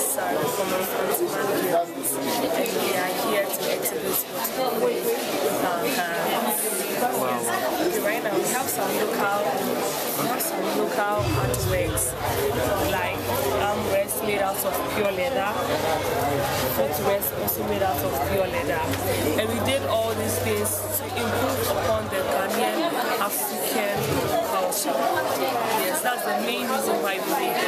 We are are here to exhibit what wow. Right now we have some local, some local artworks like armrests um, made out of pure leather, footrests also made out of pure leather, and we did all these things to improve upon the Ghanaian African culture. Yes, that's the main reason why we